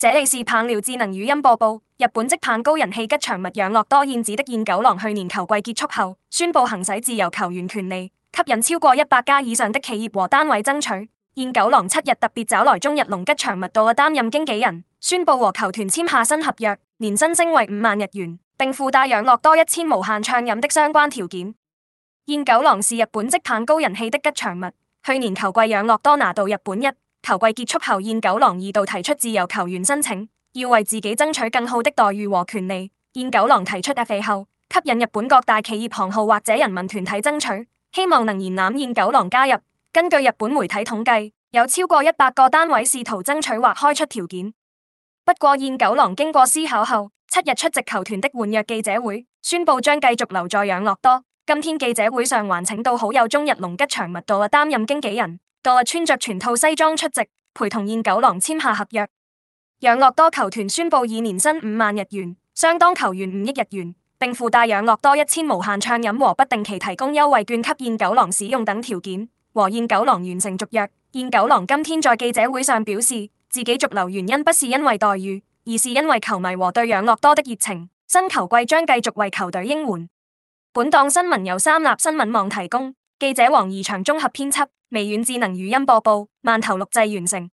這裏是棒鳥智能語音播報。日本職棒高人氣吉祥物養樂多燕子的燕九郎去年球季結束後，宣布行使自由球員權利，吸引超過一百家以上的企業和單位爭取。燕九郎七日特別找來中日龍吉祥物 Doala 擔任經紀人，宣布和球團簽下新合約，年薪升為五萬日元，並附帶養樂多一千無限暢飲的相關條件。燕九郎是日本職棒高人氣的吉祥物，去年球季養樂多拿到日本一。球季結束後，燕九郎二度提出自由球員申請，要為自己爭取更好的待遇和權利。燕九郎提出 FA 後，吸引日本各大企業、行號或者人民團體爭取，希望能延攬燕九郎加入。根據日本媒體統計，有超過一百個單位試圖爭取或開出條件。不過，燕九郎經過思考後，七日出席球團的換約記者會，宣佈將繼續留在養樂多。今天記者會上還請到好友中日龍吉祥物 Doala，擔任經紀人。個日穿着全套西裝出席，陪同燕九郎簽下合約。養樂多球團宣布以年薪五萬日元，相當球員五億日元，並附帶養樂多一千無限暢飲和不定期提供優惠券給燕九郎使用等條件。和燕九郎完成續約。燕九郎今天在記者會上表示，自己續留原因不是因為待遇，而是因為球迷和對養樂多的熱情。新球季將繼續為球隊應援。本檔新聞由三立新聞網提供。記者王怡祥綜合編輯，微軟智能語音播報，饅頭錄製完成。